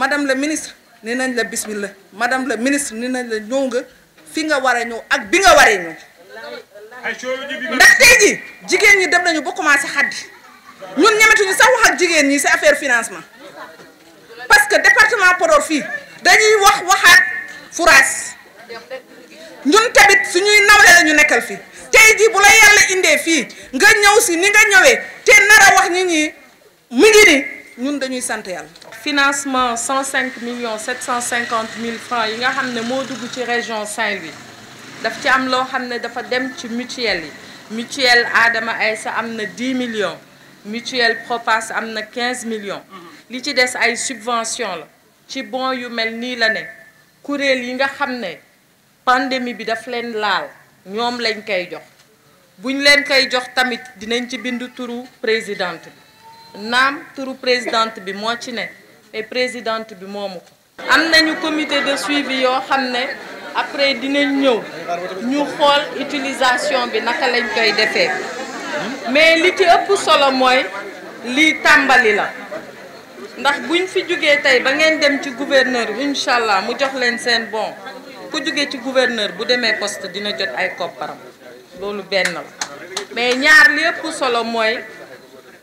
madam la ministre ni nañ la bismillah madame la ministre ni nañ la ñëw nga fi nga war a ak bi nga waree ñëw ndax tey ji jigéen ñi dem nañu ba commencé xaddi ñun ñemetuñu sax wax ak jigéen ñi si affaire financement parce que département Podor fii dañuy wax waxaat fouraas ñun tamit suñuy nawle la ñu nekkal fii tey ji bu la yàlla indee fii nga ñëw si ni nga ñëwee te nar a wax nit ñi mu ngi ni ñun dañuy sant yàlla financement 105 millions 750 000 francs yi nga xamné mo dugg ci région Saint-Louis daf ci am lo xamné dafa dem ci mutuelle yi mutuelle Adama Aïssa amna 10 millions mutuelle Propas amna 15 millions mhm. li ci dess ay subvention la ci bon yu mel ni la ne yi nga xamné pandémie bi daf leen laal ñom lañ kay jox buñ leen jox tamit dinañ ci bindu turu présidente Nam naam turu présidente bi mo ci ne et présidente bi moomu ko. am comité de suivi yoo xam après dinañ ñëw ñu xool utilisation bi naka lañ koy defee mais li ci ëpp solo mooy lii tàmbali la ndax buñ fi jógee tey ba ngeen dem ci gouverneur incha mu jox leen seen bon ku jógee ci gouverneur bu demee poste dina jot ay kopparam loolu benn la mais ñaar li ëpp solo mooy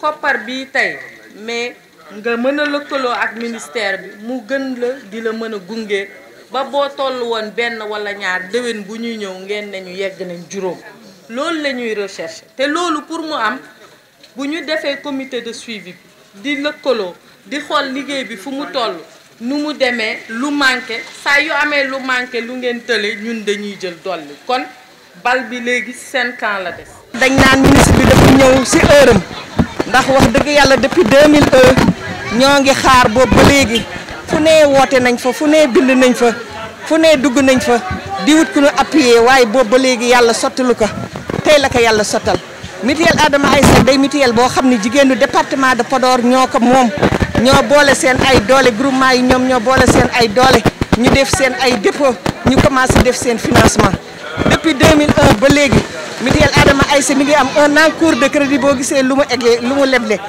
koppar bii tey mais. nga mën a lëkkaloo ak ministère bi mu gën la di la mën a gunge ba boo toll woon benn wala ñaar déwén bu ñuy ñëw ngeen nañu yegg nañ juróom loolu la ñuy recherche te loolu pour mu am bu ñu defee comité de suivi bi di lëkkaloo di xool liggéey bi fu mu toll nu mu demee lu manqué saa yu amee lu manqué lu ngeen tële ñun dañuy jël dolli kon bal bi léegi seen camp la def dañ naan ministre bi dafa ñëw si heure ndax wax dëgg yàlla depuis 2001. ñoo ngi xaar boobu ba léegi fu nee woote nañ fa fu nee bind nañ fa fu nee dugg nañ fa di wut ku ñu appuyer waaye boobu ba léegi yàlla sottalu ko tey la ko yàlla sottal mutuelle Adama Aïssa day mutuelle boo xam ne jigéenu département de Podor ñoo ko moom ñoo boole seen ay doole groupement yi ñoom ñoo boole seen ay doole ñu def seen ay dépôt ñu commencé def seen financement depuis 2001 ba léegi mutuelle Adama Aïssa mi ngi am un encours de crédit boo gisee lu mu eggee lu mu leble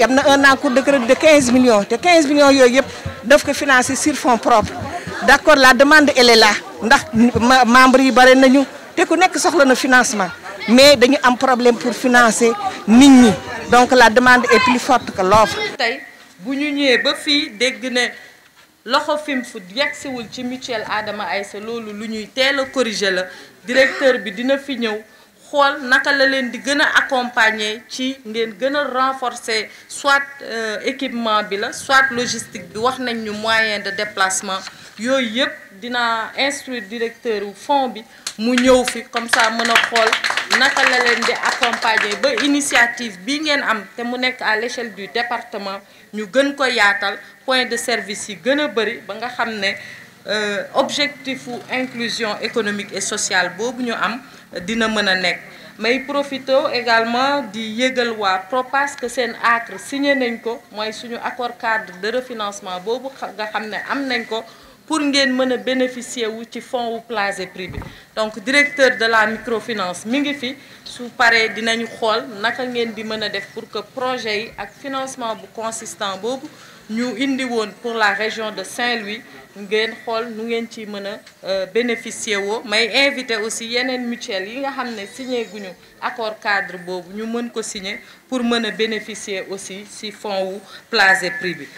y a un encours de crédit de 15 millions te 15 millions yooyu yëpp daf financer sur fonds propres D'accord, la demande elle est là les membres yi bare nañu te ku nekk soxla na financement mais dañu un problème pour financer ñi donc la demande est plus forte que l'offre Si bu ñu ñëwee ba fii dégg ne loxo fim fu yegsiwul ci mutuelle Adama Aïssa loolu lu ñuy a corriger la directeur bi dina fi xol naka la leen di gën a accompagner ci ngeen gën a renforcer soit euh, équipement bi la soit logistique bi wax nañ ñu moyen de déplacement yooyu yëpp dina instruire directeur ou fond bi mu ñëw fi comme ça mën a xool naka la leen di accompagner ba initiative bi ngeen am te mu nekk à l'échelle du département ñu gën ko yaatal point de service yi gën a bëri ba nga xam ne euh, objectif inclusion économique et sociale boobu ñu am dina mën nek may profito également di yëgal wa PROPAS que seen acre signé nañ ko moy suñu accord cadre de refinancement bobu nga xamné am nañ ko pour ngeen mën bénéficier wu ci fonds wu placé privé donc directeur de la microfinance mi ngi fi su paré dinañu xol naka ngeen di def pour que projet yi ak financement bu consistant bobu ñu indi won pour la région de Saint-Louis ngeen xol nu ngeen ci mën euh, bénéficier woo may invité aussi yenen mutuelle yi nga xamné signé guñu accord cadre pour ñu mën ko signé pour bénéficier aussi si fonds wu placé privé